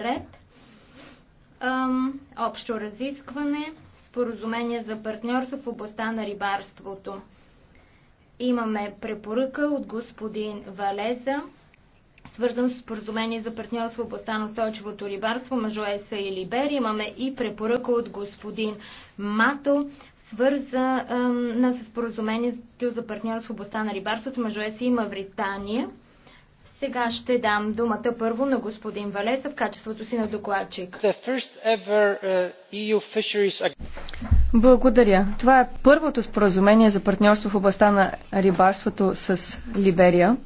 ред. Общо разискване, споразумение за партньорство в областта на рибарството. Имаме препоръка от господин Валеза, свързан с споразумение за партньорство в областта на устойчивото рибарство между ЕСА и Либер. Имаме и препоръка от господин Мато, свързана с споразумението за партньорство в областта на рибарството между ЕСА и Мавритания. Сега ще дам думата първо на господин Валеса в качеството си на докладчик. Uh, e Благодаря. Това е първото споразумение за партньорство в областта на рибарството с Либерия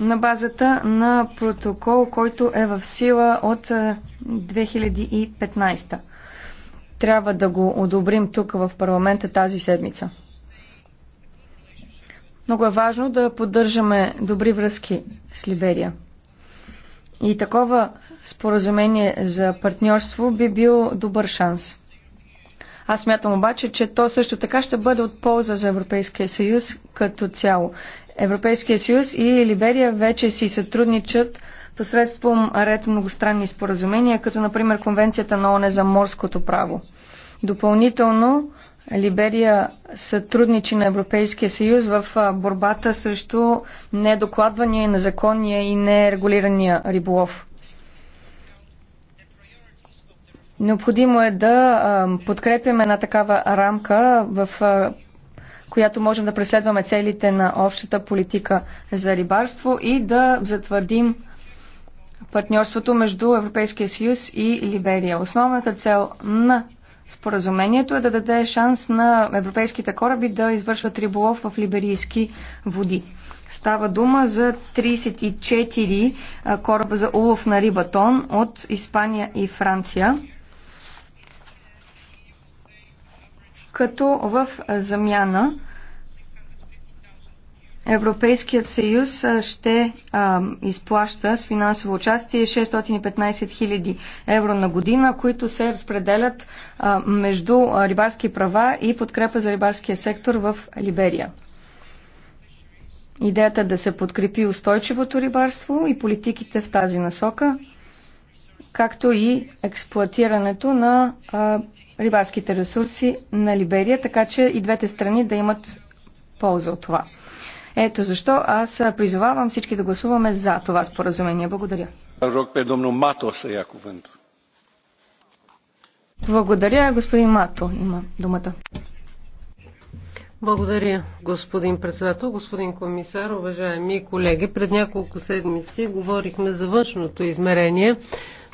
на базата на протокол, който е в сила от 2015. Е, Трябва да го одобрим тук в парламента тази седмица. Много е важно да поддържаме добри връзки с Либерия. И такова споразумение за партньорство би бил добър шанс. Аз смятам обаче, че то също така ще бъде от полза за Европейския съюз като цяло. Европейския съюз и Либерия вече си сътрудничат посредством ред многостранни споразумения, като например Конвенцията на ОНЕ за морското право. Допълнително Либерия сътрудничи на Европейския съюз в борбата срещу недокладвания, незаконния и нерегулирания риболов. Необходимо е да подкрепяме една такава рамка, в която можем да преследваме целите на общата политика за рибарство и да затвърдим партньорството между Европейския съюз и Либерия. Основната цел на Споразумението е да даде шанс на европейските кораби да извършват риболов в либерийски води. Става дума за 34 кораба за улов на рибатон от Испания и Франция. Като в замяна Европейският съюз ще а, изплаща с финансово участие 615 000 евро на година, които се разпределят а, между рибарски права и подкрепа за рибарския сектор в Либерия. Идеята е да се подкрепи устойчивото рибарство и политиките в тази насока, както и експлуатирането на а, рибарските ресурси на Либерия, така че и двете страни да имат полза от това. Ето защо аз призовавам всички да гласуваме за това споразумение. Благодаря. Благодаря, господин Мато. Има думата. Благодаря, господин председател, господин комисар, уважаеми колеги. Пред няколко седмици говорихме за външното измерение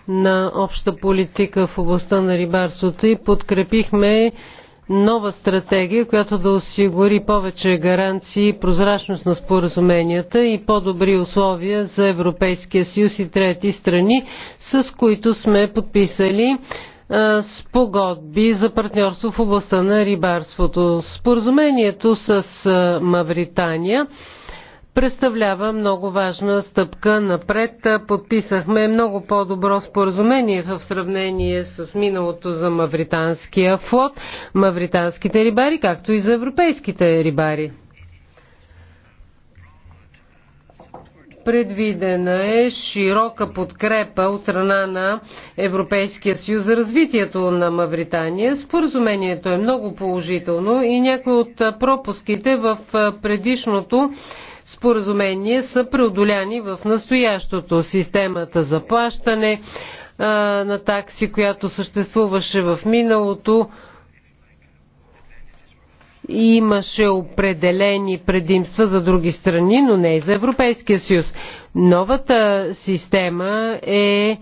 на обща политика в областта на рибарството и подкрепихме нова стратегия, която да осигури повече гаранции, прозрачност на споразуменията и по-добри условия за Европейския съюз и трети страни, с които сме подписали спогодби за партньорство в областта на рибарството. Споразумението с Мавритания представлява много важна стъпка напред. Подписахме много по-добро споразумение в сравнение с миналото за мавританския флот, мавританските рибари, както и за европейските рибари. Предвидена е широка подкрепа от страна на Европейския съюз за развитието на Мавритания. Споразумението е много положително и някои от пропуските в предишното споразумение са преодоляни в настоящото системата за плащане а, на такси, която съществуваше в миналото. И имаше определени предимства за други страни, но не и за Европейския съюз. Новата система е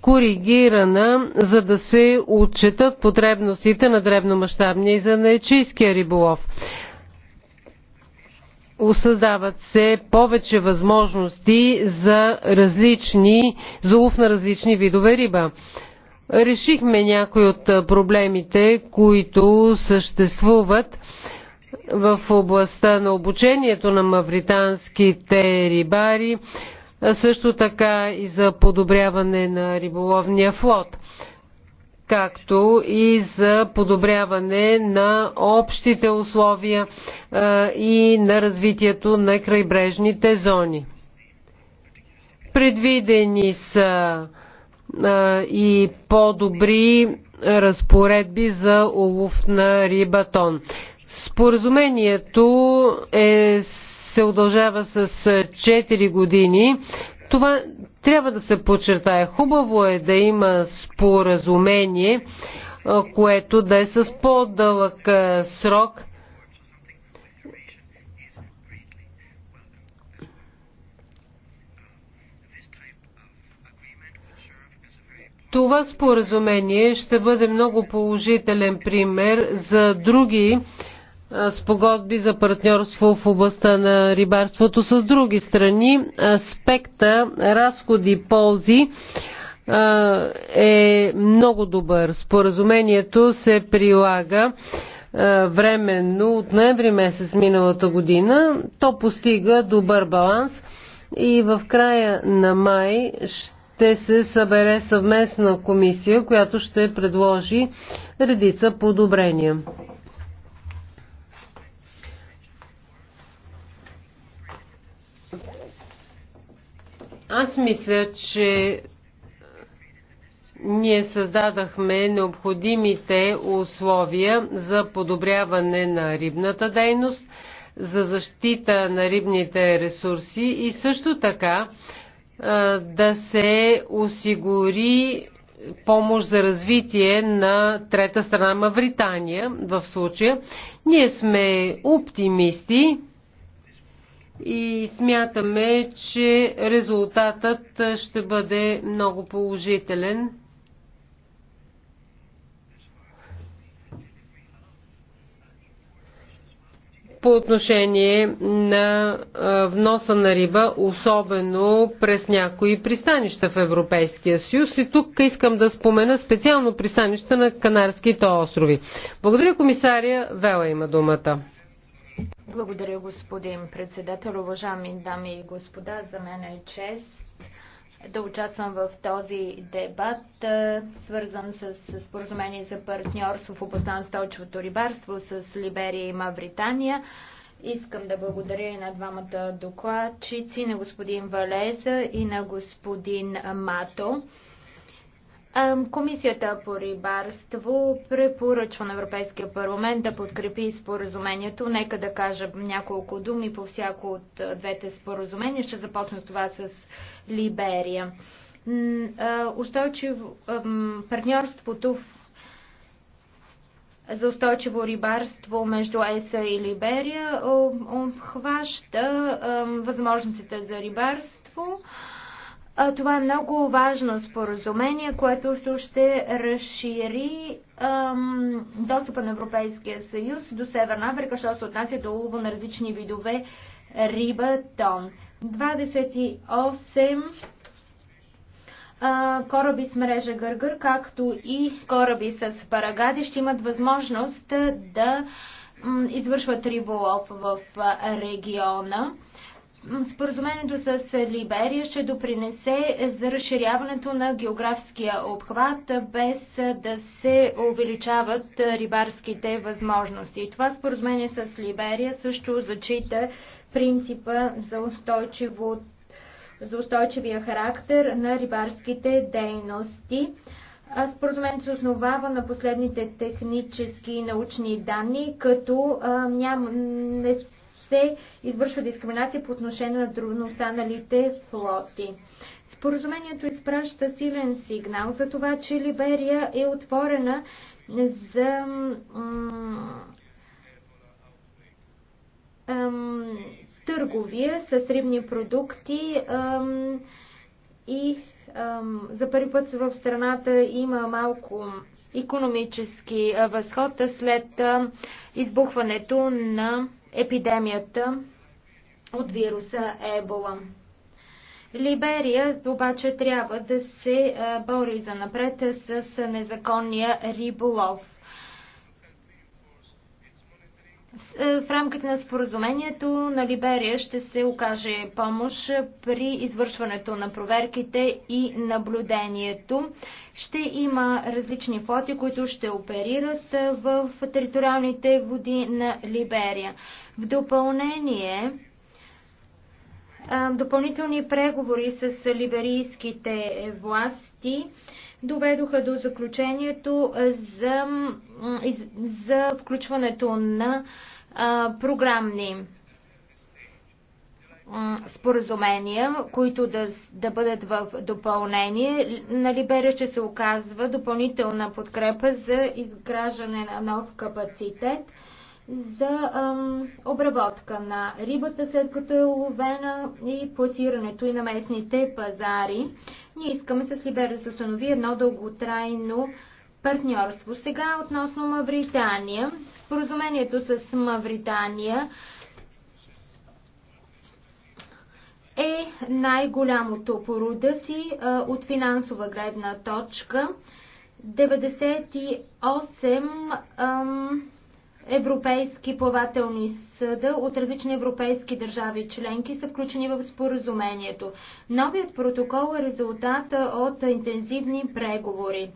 коригирана, за да се отчетат потребностите на дребномащабния и за наечийския риболов. Осъздават се повече възможности за различни, за лов на различни видове риба. Решихме някои от проблемите, които съществуват в областта на обучението на мавританските рибари, също така и за подобряване на риболовния флот както и за подобряване на общите условия и на развитието на крайбрежните зони. Предвидени са и по-добри разпоредби за улов на рибатон. Споразумението е, се удължава с 4 години. Това трябва да се подчертае. Хубаво е да има споразумение, което да е с по-дълъг срок. Това споразумение ще бъде много положителен пример за други спогодби за партньорство в областта на рибарството с други страни. Аспекта разходи-ползи е много добър. Споразумението се прилага временно от ноември месец миналата година. То постига добър баланс и в края на май ще се събере съвместна комисия, която ще предложи редица подобрения. Аз мисля, че ние създадахме необходимите условия за подобряване на рибната дейност, за защита на рибните ресурси и също така да се осигури помощ за развитие на трета страна Мавритания в случая. Ние сме оптимисти и смятаме, че резултатът ще бъде много положителен. по отношение на вноса на риба, особено през някои пристанища в Европейския съюз. И тук искам да спомена специално пристанища на Канарските острови. Благодаря комисария. Вела има думата. Благодаря, господин председател. Уважаеми дами и господа, за мен е чест да участвам в този дебат, свързан с споразумение за партньорство в областта на столчевото рибарство с Либерия и Мавритания. Искам да благодаря и на двамата докладчици, на господин Валеза и на господин Мато. Комисията по рибарство препоръчва на Европейския парламент да подкрепи споразумението. Нека да кажа няколко думи по всяко от двете споразумения. Ще започна с това с Либерия. Устойчиво партньорството в за устойчиво рибарство между ЕСА и Либерия обхваща възможностите за рибарство това е много важно споразумение, което ще разшири ам, достъпа на Европейския съюз до Северна Африка, защото се отнася до улова на различни видове риба тон. 28 а, кораби с мрежа Гъргър, както и кораби с парагади ще имат възможност да извършват риболов в региона. Споразумението с Либерия ще допринесе за разширяването на географския обхват, без да се увеличават рибарските възможности. Това споразумение с Либерия също зачита принципа за устойчиво, за устойчивия характер на рибарските дейности. Споразумението се основава на последните технически и научни данни, като а, ням, не се извършва дискриминация по отношение на, друг, на останалите флоти. Споразумението изпраща силен сигнал за това, че Либерия е отворена за търговия с рибни продукти и за първи път в страната има малко економически възход след избухването на епидемията от вируса Ебола. Либерия обаче трябва да се бори за напред с незаконния риболов. Е, в рамките на споразумението на Либерия ще се окаже помощ при извършването на проверките и наблюдението. Ще има различни флоти, които ще оперират е, в териториалните води на Либерия. В допълнение, е, допълнителни преговори с либерийските власти доведоха до заключението за, за включването на а, програмни споразумения, които да, да бъдат в допълнение. На Либерия ще се оказва допълнителна подкрепа за изграждане на нов капацитет за ам, обработка на рибата, след като е уловена и пласирането и на местните пазари. Ние искаме с Либерия да се установи едно дълготрайно партньорство. Сега относно Мавритания. Споразумението с Мавритания е най-голямото по рода си от финансова гледна точка. 98 ам, европейски плавателни съда от различни европейски държави членки са включени в споразумението. Новият протокол е резултата от интензивни преговори.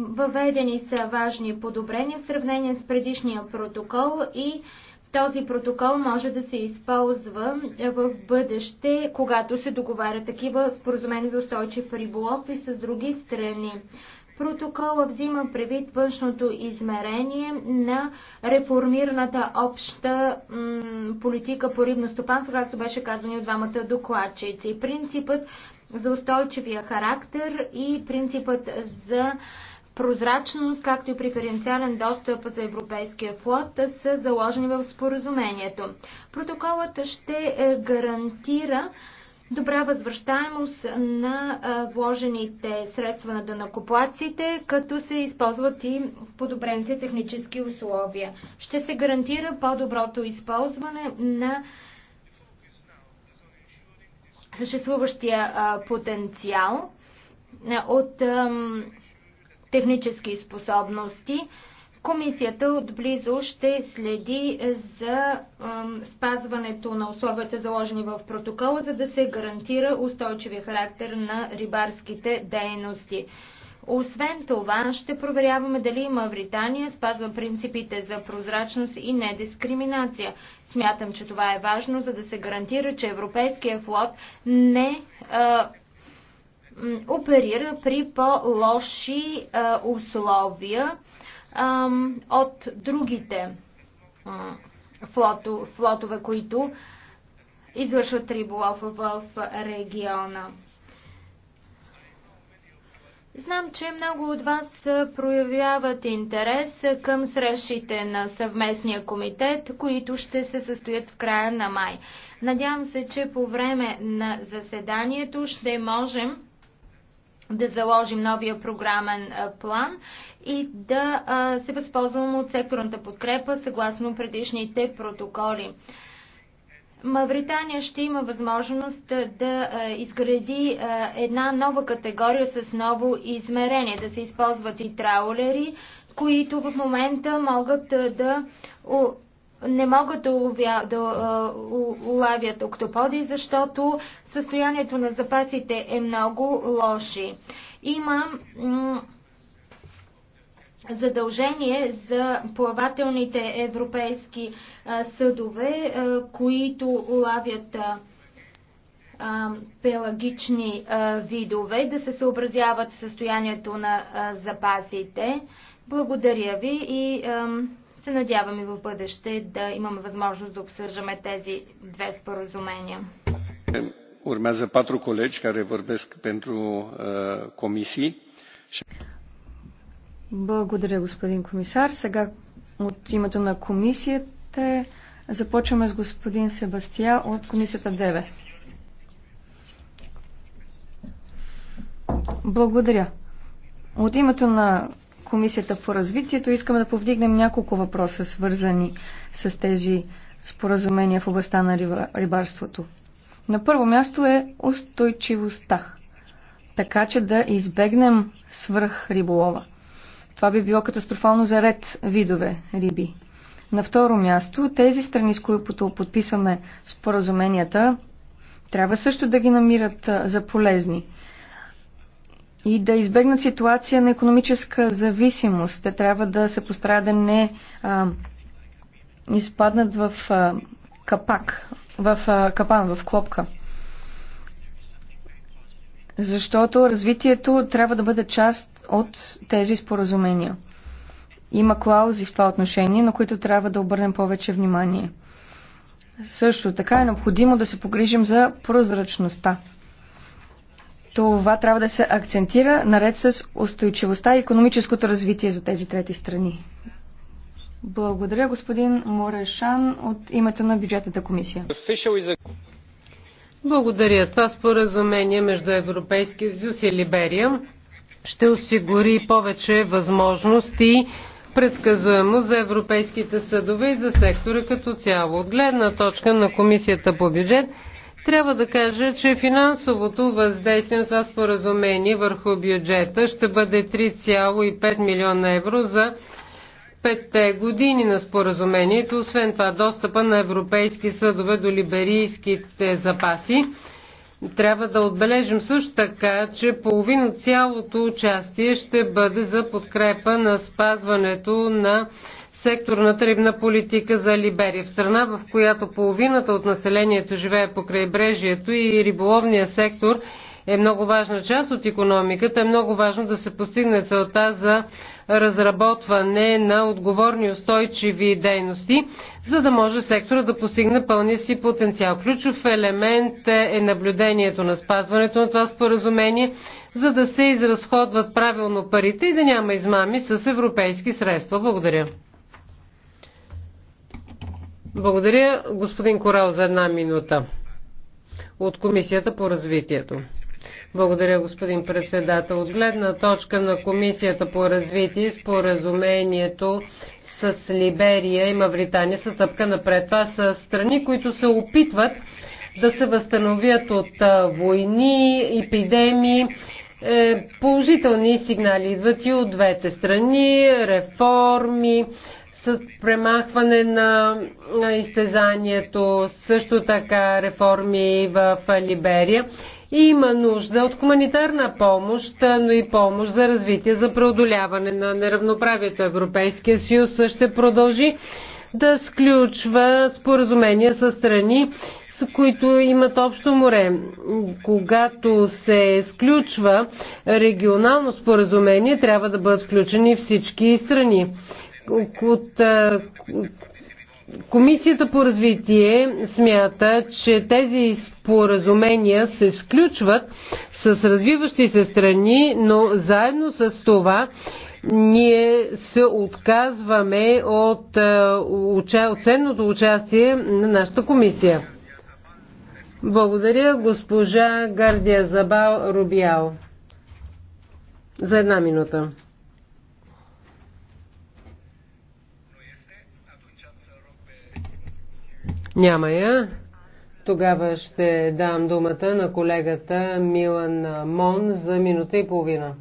Въведени са важни подобрения в сравнение с предишния протокол и този протокол може да се използва в бъдеще, когато се договаря такива споразумени за устойчив риболов и с други страни. Протокола взима предвид външното измерение на реформираната обща политика по рибно стопанство, както беше казано от двамата докладчици. Принципът за устойчивия характер и принципът за прозрачност, както и преференциален достъп за европейския флот са заложени в споразумението. Протоколът ще е, гарантира добра възвръщаемост на вложените средства на дънакоплаците, като се използват и подобрените технически условия. Ще се гарантира по-доброто използване на съществуващия потенциал от технически способности. Комисията отблизо ще следи за спазването на условията заложени в протокола, за да се гарантира устойчивия характер на рибарските дейности. Освен това, ще проверяваме дали Мавритания спазва принципите за прозрачност и недискриминация. Смятам, че това е важно, за да се гарантира, че европейския флот не а, оперира при по-лоши условия от другите флотове, които извършват риболов в региона. Знам, че много от вас проявяват интерес към срещите на съвместния комитет, които ще се състоят в края на май. Надявам се, че по време на заседанието ще можем да заложим новия програмен план и да се възползвам от секторната подкрепа съгласно предишните протоколи. Мавритания ще има възможност да изгради една нова категория с ново измерение, да се използват и траулери, които в момента могат да не могат да, уловя, да улавят октоподи, защото състоянието на запасите е много лоши. Има задължение за плавателните европейски съдове, които улавят пелагични видове, да се съобразяват състоянието на запасите. Благодаря ви и се надяваме в бъдеще да имаме възможност да обсъждаме тези две споразумения. Urmează patru colegi care vorbesc pentru comisii. Благодаря, господин комисар. Сега от името на комисията започваме с господин Себастия от комисията 9. Благодаря. От името на Комисията по развитието. Искаме да повдигнем няколко въпроса, свързани с тези споразумения в областта на рибарството. На първо място е устойчивостта, така че да избегнем свръх риболова. Това би било катастрофално за ред видове риби. На второ място, тези страни, с които подписваме споразуменията, трябва също да ги намират за полезни и да избегнат ситуация на економическа зависимост. Те трябва да се постараят да не а, изпаднат в а, капак, в а, капан, в клопка. Защото развитието трябва да бъде част от тези споразумения. Има клаузи в това отношение, на които трябва да обърнем повече внимание. Също така е необходимо да се погрижим за прозрачността. Това трябва да се акцентира наред с устойчивостта и економическото развитие за тези трети страни. Благодаря, господин Морешан, от името на бюджетната комисия. Благодаря. Това споразумение между Европейския съюз и Либерия ще осигури повече възможности предсказуемо за европейските съдове и за сектора като цяло. От гледна точка на Комисията по бюджет, трябва да кажа, че финансовото въздействие на това споразумение върху бюджета ще бъде 3,5 милиона евро за петте години на споразумението, освен това достъпа на европейски съдове до либерийските запаси. Трябва да отбележим също така, че половина от цялото участие ще бъде за подкрепа на спазването на секторна тръбна политика за Либерия. В страна, в която половината от населението живее по крайбрежието и риболовния сектор е много важна част от економиката, е много важно да се постигне целта за разработване на отговорни устойчиви дейности, за да може сектора да постигне пълния си потенциал. Ключов елемент е, е наблюдението на спазването на това споразумение, за да се изразходват правилно парите и да няма измами с европейски средства. Благодаря. Благодаря, господин Корал, за една минута от Комисията по развитието. Благодаря, господин председател. От гледна точка на Комисията по развитие, споразумението с Либерия и Мавритания са стъпка напред. Това са страни, които се опитват да се възстановят от войни, епидемии, е, положителни сигнали идват и от двете страни, реформи, с премахване на изтезанието, също така реформи в Либерия. и Има нужда от хуманитарна помощ, но и помощ за развитие, за преодоляване на неравноправието. Европейския съюз ще продължи да сключва споразумения с страни, с които имат общо море. Когато се сключва регионално споразумение, трябва да бъдат включени всички страни от Комисията по развитие смята, че тези споразумения се сключват с развиващи се страни, но заедно с това ние се отказваме от, от ценното участие на нашата комисия. Благодаря госпожа Гардия Забал Рубиал. За една минута. Няма я. Тогава ще дам думата на колегата Милан Мон за минута и половина.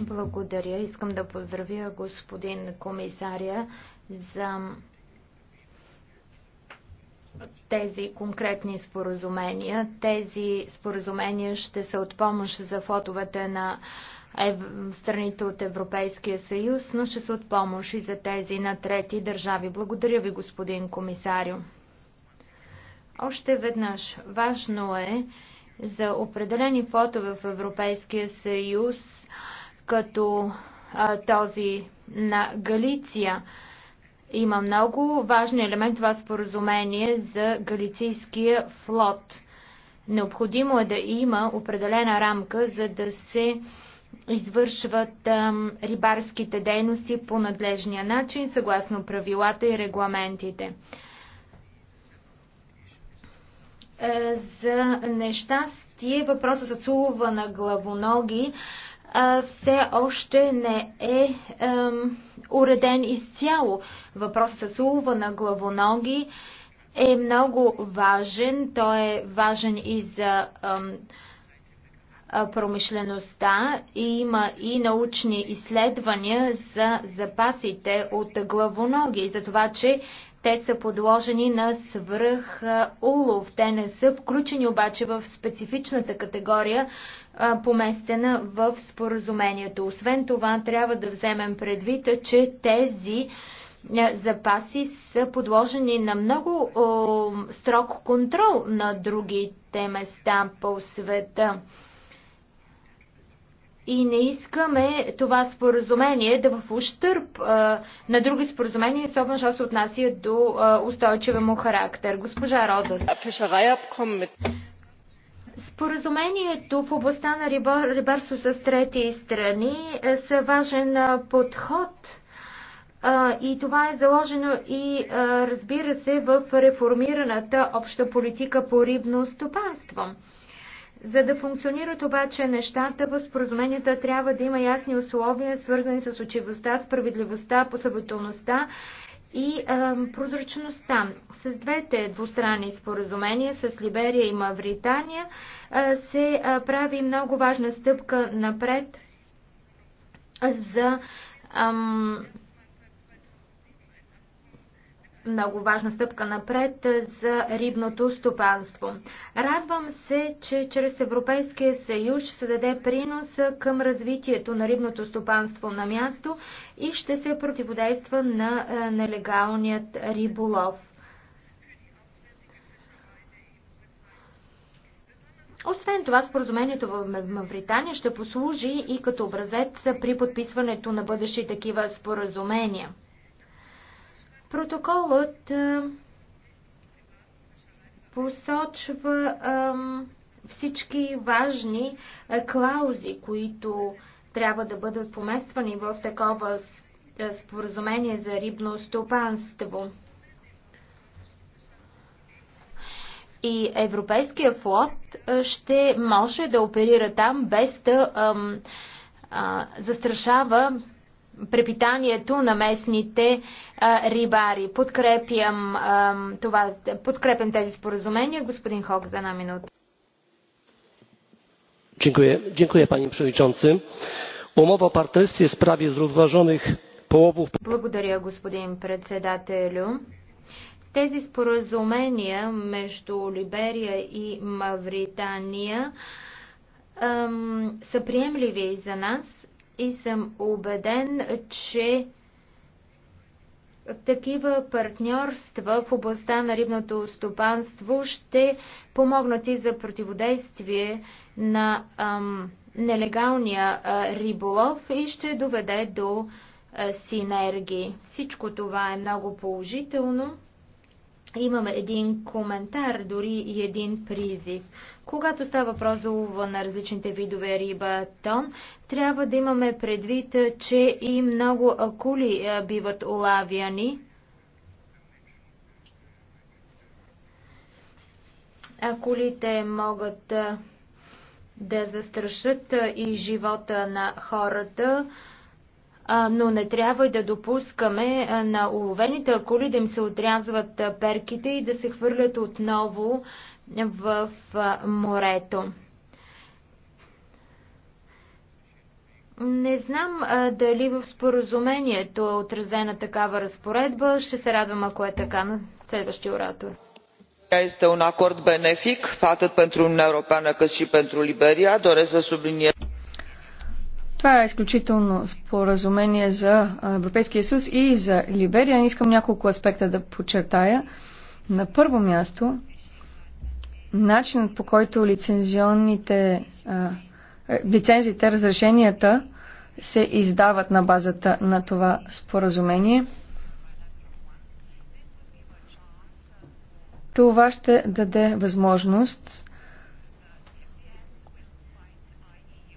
Благодаря. Искам да поздравя господин комисаря за тези конкретни споразумения. Тези споразумения ще са от помощ за флотовете на страните от Европейския съюз, но ще са от помощ и за тези на трети държави. Благодаря ви, господин комисарио. Още веднъж, важно е за определени фотове в Европейския съюз, като а, този на Галиция. Има много важен елемент това споразумение за галицийския флот. Необходимо е да има определена рамка, за да се извършват рибарските дейности по надлежния начин, съгласно правилата и регламентите. Е, за нещастие въпросът за сулова на главоноги е, все още не е уреден изцяло. Въпросът за сулова на главоноги е много важен. Той е важен и за ам, промишлеността и има и научни изследвания за запасите от главоноги и за това, че те са подложени на свръх улов. Те не са включени обаче в специфичната категория, поместена в споразумението. Освен това, трябва да вземем предвид, че тези запаси са подложени на много строг контрол на другите места по света и не искаме това споразумение да в ущърп на други споразумения, особено що се отнася до устойчива му характер. Госпожа Родас. Споразумението в областта на рибарство с трети страни е, са важен подход а, и това е заложено и а, разбира се в реформираната обща политика по рибно стопанство. За да функционират обаче нещата, в споразуменията трябва да има ясни условия, свързани с очевостта, справедливостта, последователността и е, прозрачността. С двете двустранни споразумения с Либерия и Мавритания е, се е, прави много важна стъпка напред за. Е, много важна стъпка напред за рибното стопанство. Радвам се, че чрез Европейския съюз се даде принос към развитието на рибното стопанство на място и ще се противодейства на е, нелегалният риболов. Освен това, споразумението в Мавритания ще послужи и като образец при подписването на бъдещи такива споразумения. Протоколът посочва всички важни клаузи, които трябва да бъдат помествани в такова споразумение за рибно стопанство. И европейския флот ще може да оперира там без да а, застрашава препитанието на местните а, рибари. Подкрепям, а, това, подкрепям тези споразумения. Господин Хок, за една минута. Dziękuję, dziękuję panie przewodniczący. Umowa o partnerstwie w sprawie zrównoważonych połowów. Благодаря, господин председателю. Тези споразумения между Либерия и Мавритания ем, са приемливи за нас и съм убеден, че такива партньорства в областта на рибното стопанство ще помогнат и за противодействие на ам, нелегалния а, риболов и ще доведе до а, синергии. Всичко това е много положително. Имаме един коментар, дори и един призив. Когато става въпрос за улова на различните видове риба тон, трябва да имаме предвид, че и много акули е, биват улавяни. Акулите могат е, да застрашат е, и живота на хората но не трябва да допускаме на уловените акули да им се отрязват перките и да се хвърлят отново в морето. Не знам а, дали в споразумението е отразена такава разпоредба. Ще се радвам, ако е така, на следващия оратор. Este un acord benefic atât pentru Uniunea Europeană cât și pentru Liberia. Doresc să subliniez. Това е изключително споразумение за Европейския съюз и за Либерия. Искам няколко аспекта да подчертая. На първо място, начинът по който лицензионните е, лицензите, разрешенията се издават на базата на това споразумение. Това ще даде възможност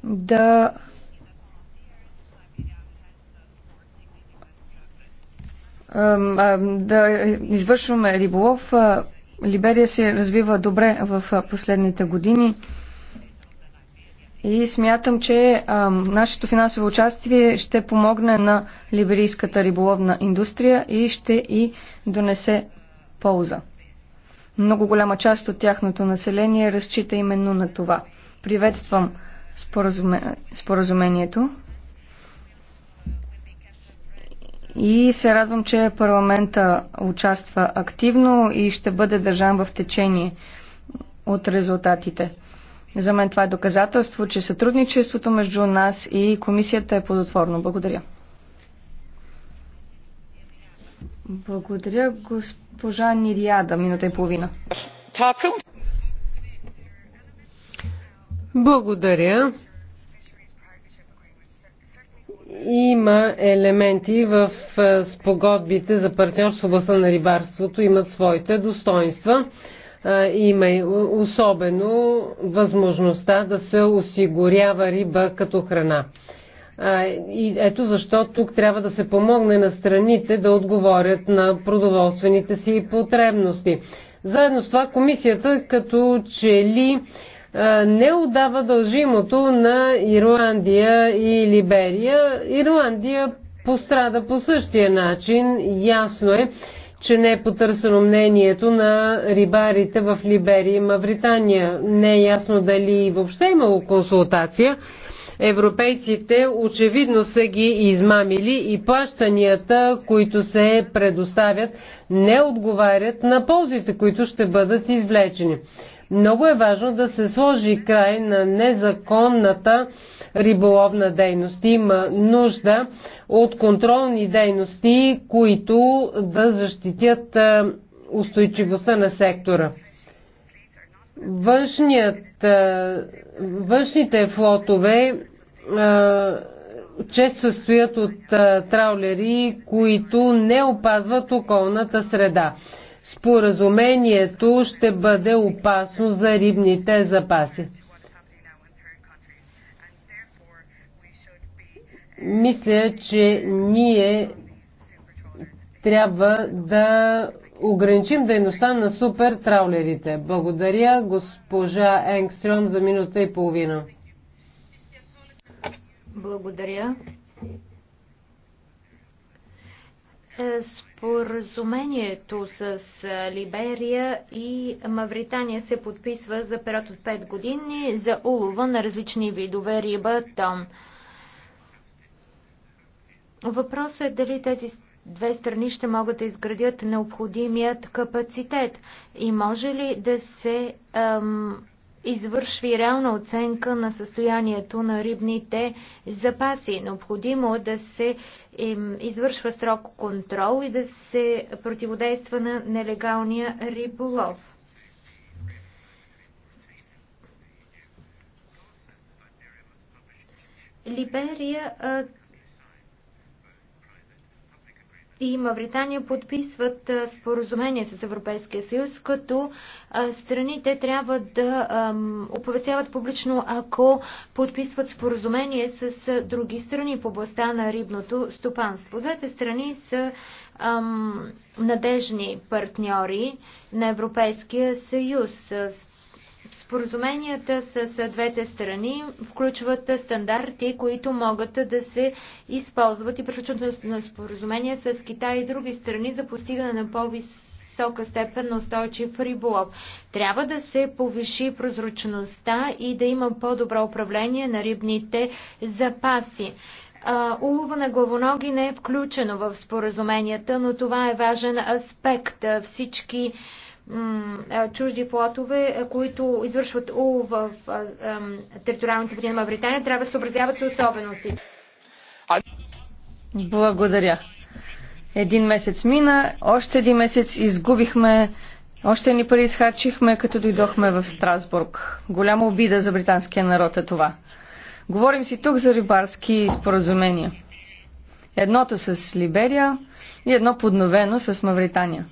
да да извършваме риболов. Либерия се развива добре в последните години. И смятам, че а, нашето финансово участие ще помогне на либерийската риболовна индустрия и ще и донесе полза. Много голяма част от тяхното население разчита именно на това. Приветствам споразуме... споразумението. и се радвам, че парламента участва активно и ще бъде държан в течение от резултатите. За мен това е доказателство, че сътрудничеството между нас и комисията е плодотворно. Благодаря. Благодаря, госпожа Нириада, минута и половина. Благодаря. Има елементи в е, спогодбите за партньорство в областта на рибарството, имат своите достоинства. Е, има особено възможността да се осигурява риба като храна. И ето защо тук трябва да се помогне на страните да отговорят на продоволствените си потребности. Заедно с това комисията като че ли е, не отдава дължимото на Ирландия и Либерия. Ирландия пострада по същия начин. Ясно е, че не е потърсено мнението на рибарите в Либерия и Мавритания. Не е ясно дали въобще е имало консултация. Европейците очевидно са ги измамили и плащанията, които се предоставят, не отговарят на ползите, които ще бъдат извлечени. Много е важно да се сложи край на незаконната риболовна дейност. Има нужда от контролни дейности, които да защитят е, устойчивостта на сектора. Външният, е, външните флотове е, често се стоят от траулери, които не опазват околната среда споразумението ще бъде опасно за рибните запаси. Мисля, че ние трябва да ограничим дейността на супер траулерите. Благодаря госпожа Енгстрем за минута и половина. Благодаря. Е, споразумението с е, Либерия и Мавритания се подписва за период от 5 години за улова на различни видове риба там. Въпросът е дали тези две страни ще могат да изградят необходимият капацитет и може ли да се ам, извърши реална оценка на състоянието на рибните запаси. Необходимо е да се извършва строг контрол и да се противодейства на нелегалния риболов. Либерия и Мавритания подписват споразумение с Европейския съюз, като страните трябва да оповестяват публично, ако подписват споразумение с други страни в областта на рибното стопанство. Двете страни са надежни партньори на Европейския съюз. Споразуменията с двете страни включват стандарти, които могат да се използват и приключват на споразумения с Китай и други страни за постигане на по-висока степен на устойчив риболов. Трябва да се повиши прозрачността и да има по-добро управление на рибните запаси. Улова на главоноги не е включено в споразуменията, но това е важен аспект. Всички чужди флотове, които извършват улов в териториалните води на Мавритания, трябва да съобразяват с особености. Благодаря. Един месец мина, още един месец изгубихме, още ни пари изхарчихме, като дойдохме в Страсбург. Голяма обида за британския народ е това. Говорим си тук за рибарски споразумения. Едното с Либерия и едно подновено с Мавритания.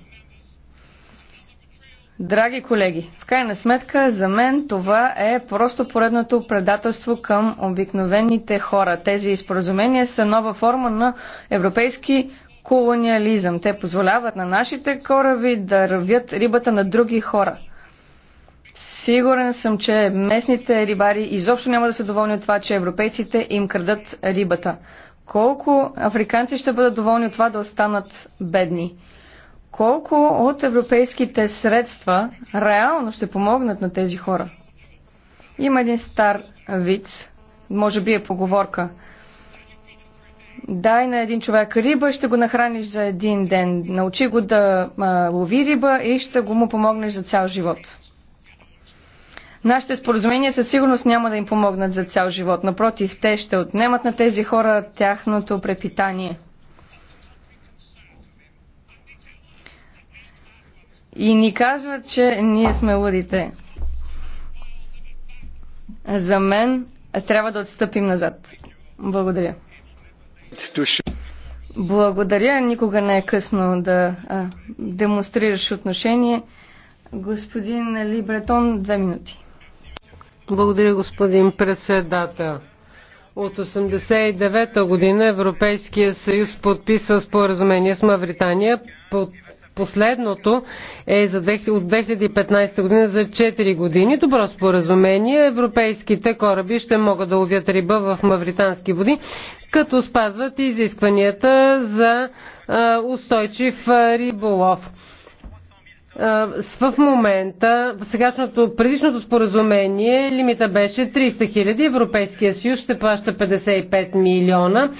Драги колеги, в крайна сметка за мен това е просто поредното предателство към обикновените хора. Тези споразумения са нова форма на европейски колониализъм. Те позволяват на нашите кораби да ръвят рибата на други хора. Сигурен съм, че местните рибари изобщо няма да са доволни от това, че европейците им крадат рибата. Колко африканци ще бъдат доволни от това да останат бедни? колко от европейските средства реално ще помогнат на тези хора? Има един стар виц, може би е поговорка. Дай на един човек риба, ще го нахраниш за един ден. Научи го да а, лови риба и ще го му помогнеш за цял живот. Нашите споразумения със сигурност няма да им помогнат за цял живот. Напротив, те ще отнемат на тези хора тяхното препитание – и ни казват, че ние сме лудите. За мен трябва да отстъпим назад. Благодаря. Благодаря. Никога не е късно да а, демонстрираш отношение. Господин Ли Бретон, две минути. Благодаря, господин председател. От 1989 година Европейския съюз подписва споразумение с Мавритания, под Последното е за 2000, от 2015 година за 4 години. Добро споразумение. Европейските кораби ще могат да ловят риба в мавритански води, като спазват изискванията за устойчив риболов. В момента, сегашното, предишното споразумение, лимита беше 300 000, Европейския съюз ще плаща 55 милиона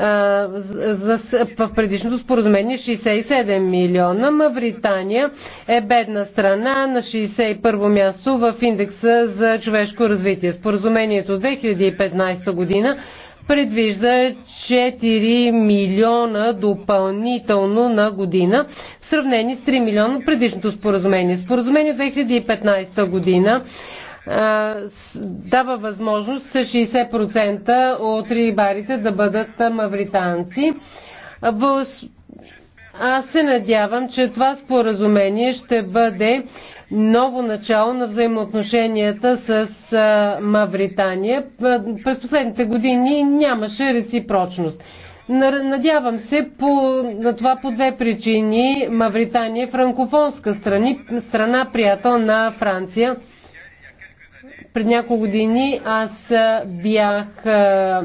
в предишното споразумение 67 милиона. Мавритания е бедна страна на 61 място в индекса за човешко развитие. Споразумението от 2015 година предвижда 4 милиона допълнително на година, в сравнение с 3 милиона предишното споразумение. Споразумение 2015 година дава възможност 60% от рибарите да бъдат мавританци. Аз се надявам, че това споразумение ще бъде ново начало на взаимоотношенията с Мавритания. През последните години нямаше реципрочност. Надявам се по, на това по две причини. Мавритания е франкофонска страна, страна, приятел на Франция. Пред няколко години аз бях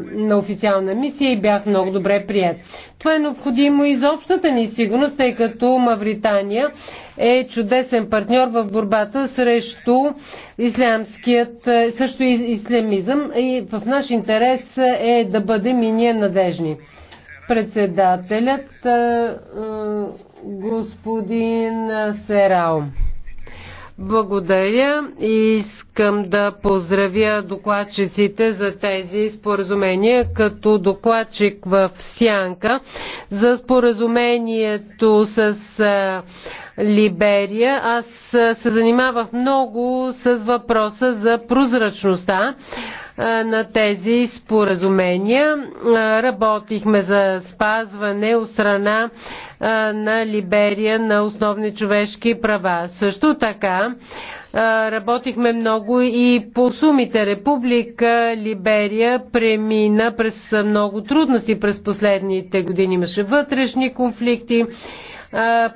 на официална мисия и бях много добре прият. Това е необходимо и за общата ни сигурност, тъй като Мавритания е чудесен партньор в борбата срещу ислямският, също и ислямизъм. И в наш интерес е да бъдем и ние надежни. Председателят господин Серао. Благодаря. Искам да поздравя докладчиците за тези споразумения като докладчик в Сянка за споразумението с Либерия. Аз се занимавах много с въпроса за прозрачността на тези споразумения. Работихме за спазване от страна на Либерия на основни човешки права. Също така работихме много и по сумите. Република Либерия премина през много трудности през последните години. Имаше вътрешни конфликти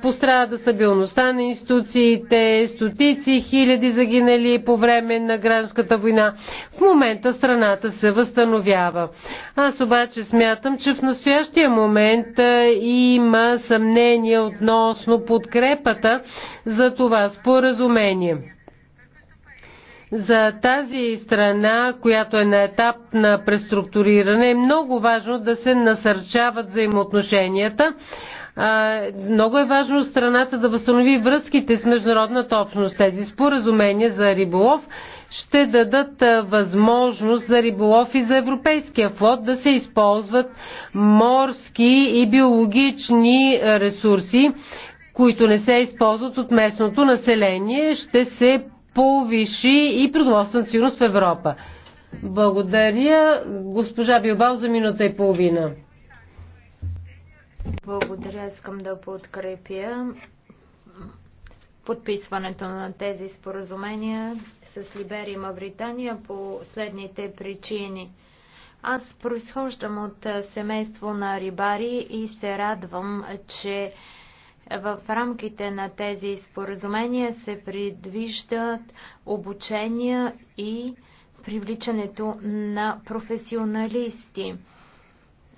Пострада стабилността на институциите, стотици хиляди загинали по време на гражданската война. В момента страната се възстановява. Аз обаче смятам, че в настоящия момент има съмнение относно подкрепата за това споразумение за тази страна, която е на етап на преструктуриране, е много важно да се насърчават взаимоотношенията, много е важно страната да възстанови връзките с международната общност. Тези споразумения за риболов ще дадат възможност за риболов и за европейския флот да се използват морски и биологични ресурси, които не се използват от местното население. Ще се повиши и продоволствена сигурност в Европа. Благодаря госпожа Билбал за минута и половина. Благодаря, искам да подкрепя подписването на тези споразумения с Либерия и Мавритания по следните причини. Аз произхождам от семейство на рибари и се радвам, че в рамките на тези споразумения се предвиждат обучения и привличането на професионалисти.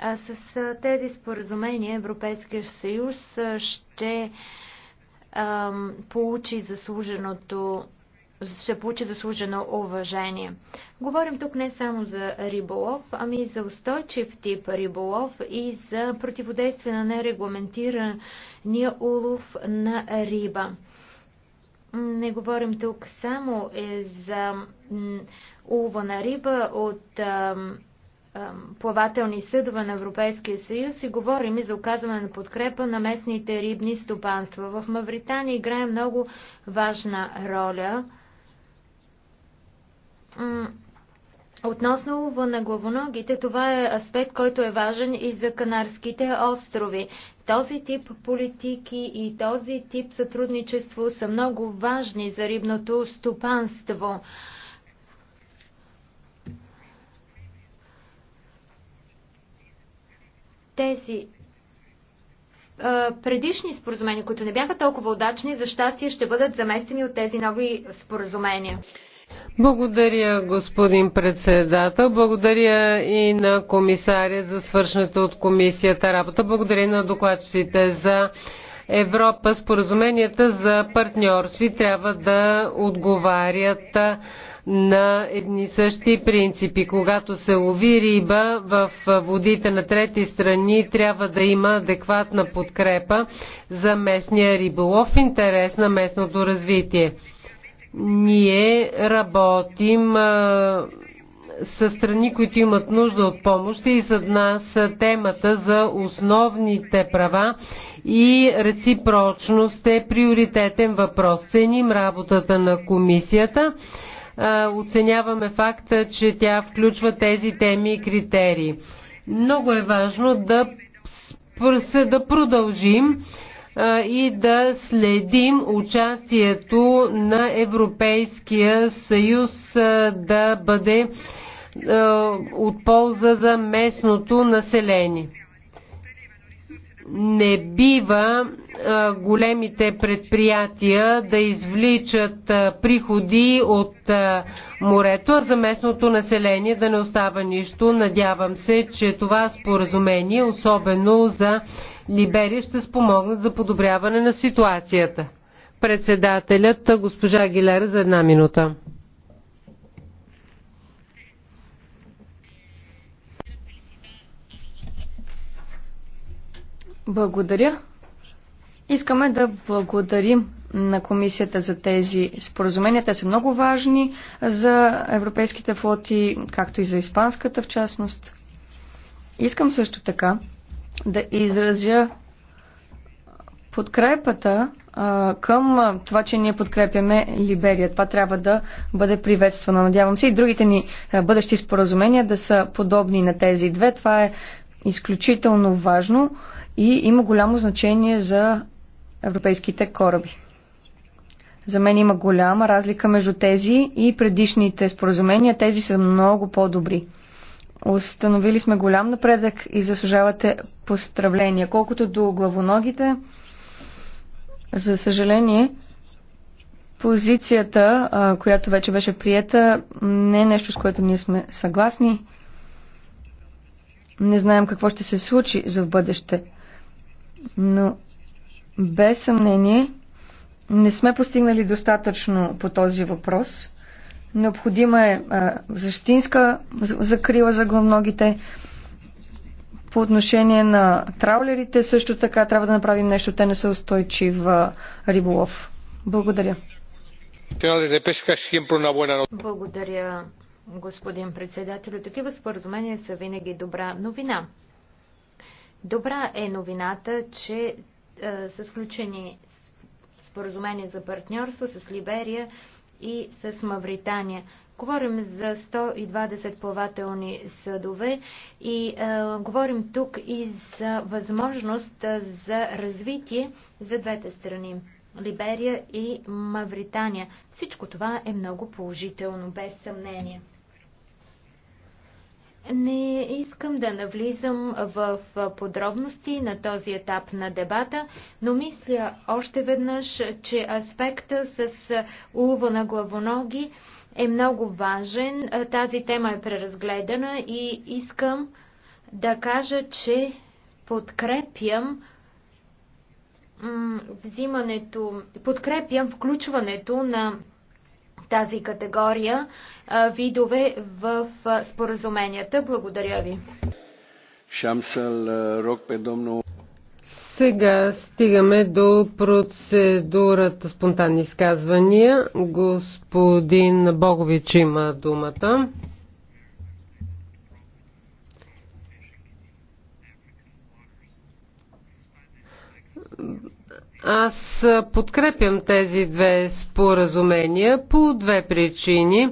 А с тези споразумения Европейския съюз ще получи заслуженото ще получи заслужено уважение. Говорим тук не само за риболов, ами и за устойчив тип риболов и за противодействие на нерегламентирания улов на риба. Не говорим тук само е, за улова на риба от плавателни съдове на Европейския съюз и говорим и за оказване на подкрепа на местните рибни стопанства. В Мавритания играе много важна роля Относно лова на главоногите, това е аспект, който е важен и за Канарските острови. Този тип политики и този тип сътрудничество са много важни за рибното стопанство. Тези предишни споразумения, които не бяха толкова удачни, за щастие ще бъдат заместени от тези нови споразумения. Благодаря, господин председател. Благодаря и на комисаря за свършната от комисията работа. Благодаря и на докладчиците за Европа. Споразуменията за партньорство трябва да отговарят на едни същи принципи. Когато се лови риба в водите на трети страни, трябва да има адекватна подкрепа за местния риболов в интерес на местното развитие. Ние работим с страни, които имат нужда от помощ и за нас е темата за основните права и реципрочност е приоритетен въпрос. Ценим работата на комисията оценяваме факта, че тя включва тези теми и критерии. Много е важно да, да продължим и да следим участието на Европейския съюз да бъде от полза за местното население не бива големите предприятия да извличат приходи от морето, а за местното население да не остава нищо. Надявам се, че това споразумение, особено за Либерия, ще спомогнат за подобряване на ситуацията. Председателят госпожа Гилера за една минута. Благодаря. Искаме да благодарим на комисията за тези споразумения. Те са много важни за европейските флоти, както и за испанската в частност. Искам също така да изразя подкрепата към това, че ние подкрепяме Либерия. Това трябва да бъде приветствано. Надявам се и другите ни бъдещи споразумения да са подобни на тези две. Това е изключително важно и има голямо значение за европейските кораби. За мен има голяма разлика между тези и предишните споразумения. Тези са много по-добри. Установили сме голям напредък и заслужавате поздравления. Колкото до главоногите, за съжаление, позицията, която вече беше приета, не е нещо, с което ние сме съгласни. Не знаем какво ще се случи за в бъдеще но без съмнение не сме постигнали достатъчно по този въпрос. Необходима е а, защитинска закрила за главногите. По отношение на траулерите също така трябва да направим нещо. Те не са устойчив риболов. Благодаря. Благодаря, господин председател. Такива споразумения са винаги добра новина. Добра е новината, че е, са сключени споразумения за партньорство с Либерия и с Мавритания. Говорим за 120 плавателни съдове и е, говорим тук и за възможност е, за развитие за двете страни Либерия и Мавритания. Всичко това е много положително, без съмнение. Не искам да навлизам в подробности на този етап на дебата, но мисля още веднъж, че аспекта с улва на главоноги е много важен. Тази тема е преразгледана и искам да кажа, че подкрепям взимането, подкрепям включването на тази категория видове в споразуменията. Благодаря ви. Сега стигаме до процедурата спонтанни изказвания. Господин Богович има думата. Аз подкрепям тези две споразумения по две причини.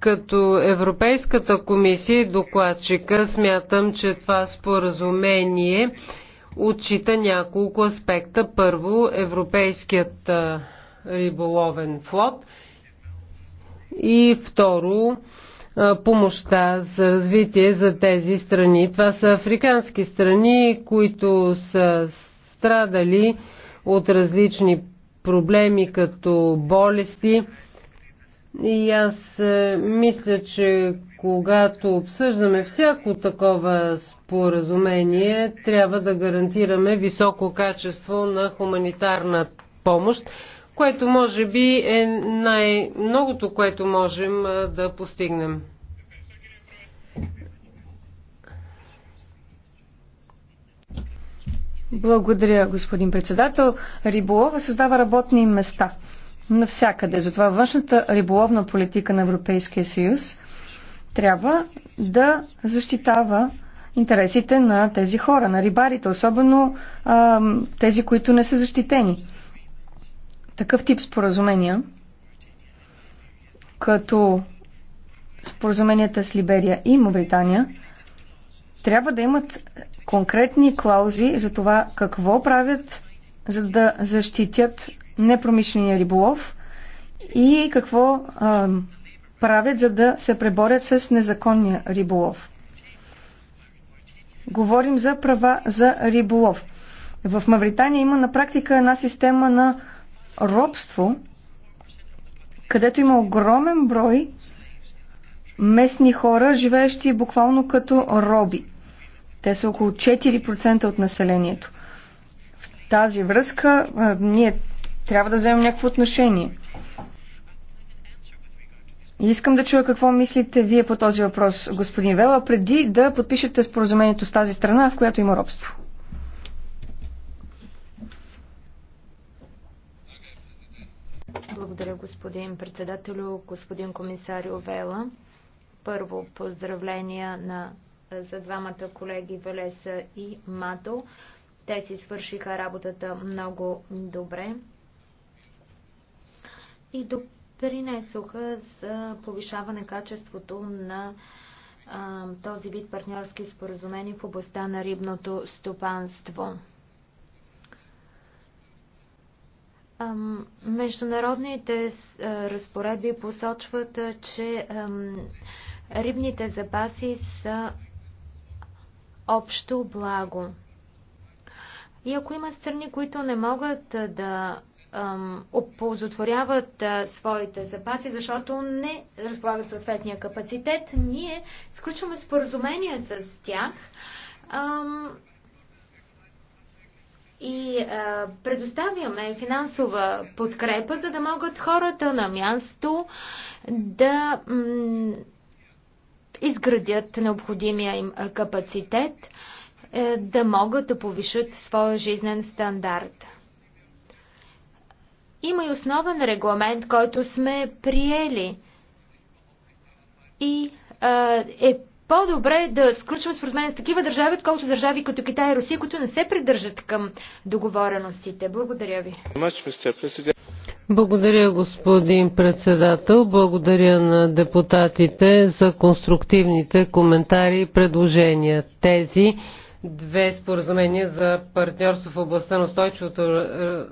Като Европейската комисия и докладчика смятам, че това споразумение отчита няколко аспекта. Първо, Европейският риболовен флот и второ, помощта за развитие за тези страни. Това са африкански страни, които са страдали от различни проблеми като болести. И аз е, мисля, че когато обсъждаме всяко такова споразумение, трябва да гарантираме високо качество на хуманитарна помощ, което може би е най-многото, което можем е, да постигнем. Благодаря, господин председател. Риболова създава работни места навсякъде. Затова външната риболовна политика на Европейския съюз трябва да защитава интересите на тези хора, на рибарите, особено а, тези, които не са защитени. Такъв тип споразумения, като споразуменията с Либерия и Мобритания, трябва да имат конкретни клаузи за това какво правят, за да защитят непромишления риболов и какво а, правят, за да се преборят с незаконния риболов. Говорим за права за риболов. В Мавритания има на практика една система на робство, където има огромен брой местни хора, живеещи буквално като роби. Те са около 4% от населението. В тази връзка а, ние трябва да вземем някакво отношение. И искам да чуя какво мислите вие по този въпрос, господин Вела, преди да подпишете споразумението с тази страна, в която има робство. Благодаря, господин председател, господин комисар Вела. Първо, поздравления на за двамата колеги Велеса и Мато. Те си свършиха работата много добре и допринесоха за повишаване качеството на а, този вид партньорски споразумения в областта на рибното стопанство. Международните разпоредби посочват, че рибните запаси са общо благо. И ако има страни, които не могат да оползотворяват своите запаси, защото не разполагат съответния капацитет, ние сключваме споразумение с тях ам, и а, предоставяме финансова подкрепа, за да могат хората на място да изградят необходимия им капацитет, е, да могат да повишат своя жизнен стандарт. Има и основен регламент, който сме приели и е по-добре да сключват споразумение с такива държави, отколкото държави като Китай и Русия, които не се придържат към договореностите. Благодаря ви. Благодаря, господин председател. Благодаря на депутатите за конструктивните коментари и предложения. Тези две споразумения за партньорство в областта на устойчивото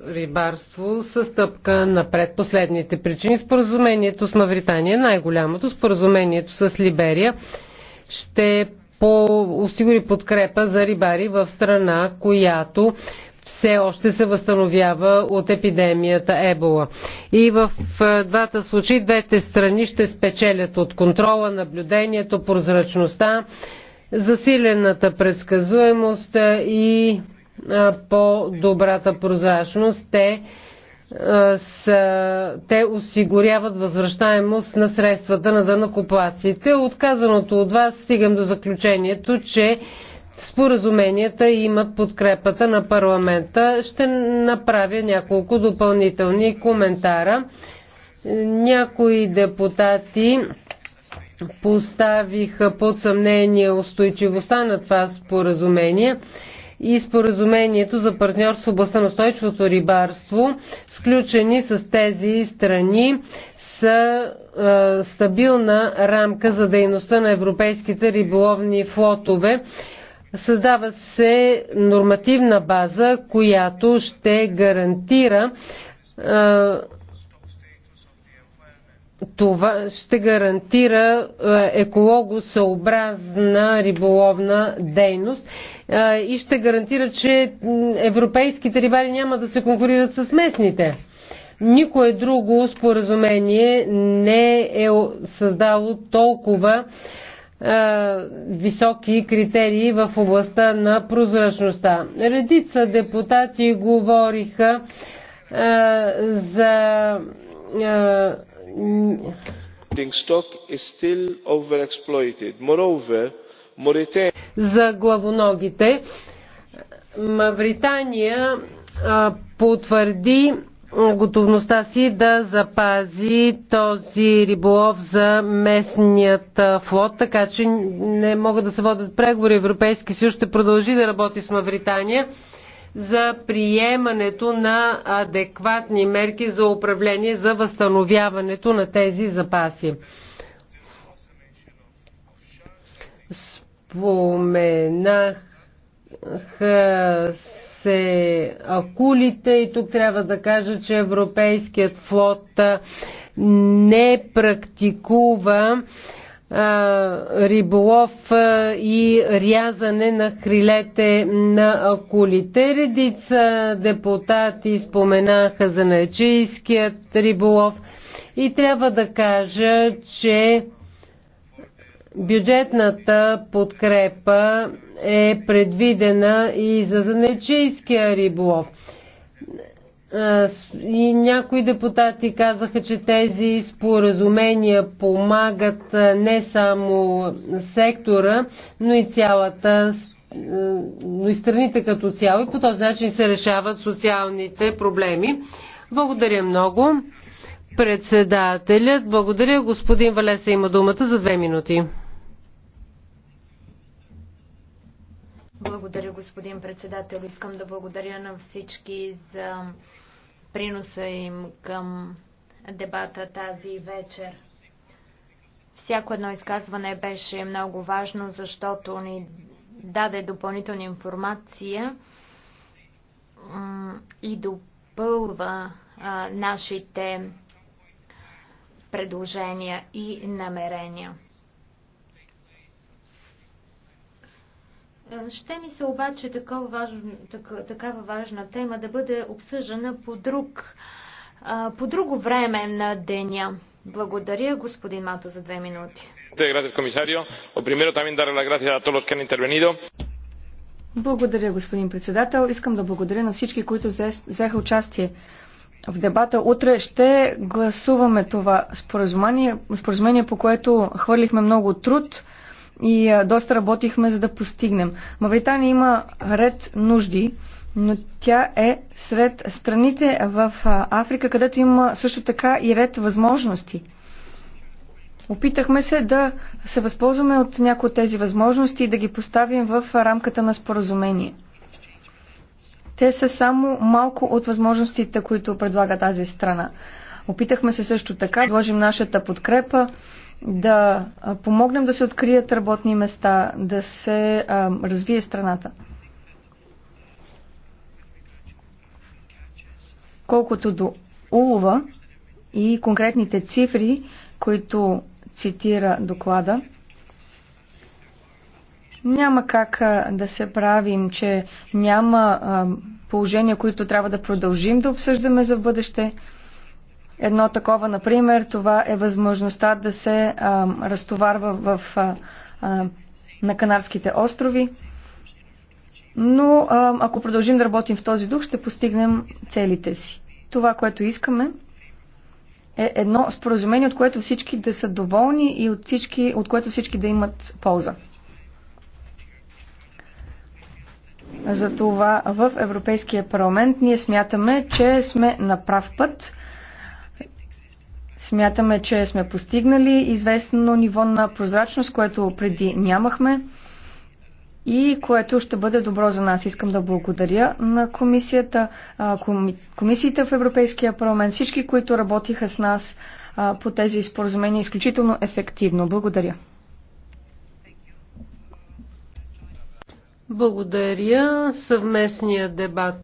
рибарство са стъпка напред. Последните причини споразумението с Мавритания, най-голямото споразумението с Либерия, ще по, осигури подкрепа за рибари в страна, която все още се възстановява от епидемията Ебола. И в е, двата случаи двете страни ще спечелят от контрола, наблюдението, прозрачността, засилената предсказуемост е, и е, по-добрата прозрачност. Те, са, те осигуряват възвръщаемост на средствата на дънакоплаците. Отказаното от вас стигам до заключението, че споразуменията имат подкрепата на парламента. Ще направя няколко допълнителни коментара. Някои депутати поставиха под съмнение устойчивостта на това споразумение и споразумението за партньорство в областта на устойчивото рибарство, сключени с тези страни, са е, стабилна рамка за дейността на европейските риболовни флотове Създава се нормативна база, която ще гарантира това ще гарантира екологосъобразна риболовна дейност и ще гарантира, че европейските рибари няма да се конкурират с местните. Никое друго споразумение не е създало толкова е, високи критерии в областта на прозрачността. Редица депутати говориха е, за е, за главоногите. Мавритания потвърди готовността си да запази този риболов за местният флот, така че не могат да се водят преговори. Европейски съюз ще продължи да работи с Мавритания за приемането на адекватни мерки за управление за възстановяването на тези запаси. Споменах се акулите и тук трябва да кажа, че европейският флот не практикува риболов и рязане на крилете на акулите. Редица депутати споменаха за наечийският риболов и трябва да кажа, че Бюджетната подкрепа е предвидена и за занечийския риболов. И някои депутати казаха, че тези споразумения помагат не само сектора, но и цялата но и страните като цяло и по този начин се решават социалните проблеми. Благодаря много. Председателят, благодаря. Господин Валеса има думата за две минути. Благодаря, господин председател. Искам да благодаря на всички за приноса им към дебата тази вечер. Всяко едно изказване беше много важно, защото ни даде допълнителна информация и допълва нашите предложения и намерения. Е, ще ми се обаче такова важно, така, такава важна тема да бъде обсъждана по, друг, по друго време на деня. Благодаря, господин Мато, за две минути. Благодаря, господин председател. Искам да благодаря на всички, които взеха участие в дебата. Утре ще гласуваме това споразумение, споразумение по което хвърлихме много труд и доста работихме за да постигнем. Мавритания има ред нужди, но тя е сред страните в Африка, където има също така и ред възможности. Опитахме се да се възползваме от някои от тези възможности и да ги поставим в рамката на споразумение. Те са само малко от възможностите, които предлага тази страна. Опитахме се също така, да вложим нашата подкрепа да помогнем да се открият работни места, да се а, развие страната. Колкото до улова и конкретните цифри, които цитира доклада, няма как да се правим, че няма положения, които трябва да продължим да обсъждаме за бъдеще. Едно такова, например, това е възможността да се а, разтоварва в, а, а, на Канарските острови. Но а, ако продължим да работим в този дух, ще постигнем целите си. Това, което искаме, е едно споразумение, от което всички да са доволни и от, всички, от което всички да имат полза. Затова в Европейския парламент ние смятаме, че сме на прав път. Смятаме, че сме постигнали известно ниво на прозрачност, което преди нямахме и което ще бъде добро за нас. Искам да благодаря на комисията, комисиите в Европейския парламент, всички, които работиха с нас по тези споразумения изключително ефективно. Благодаря. Благодаря. Съвместния дебат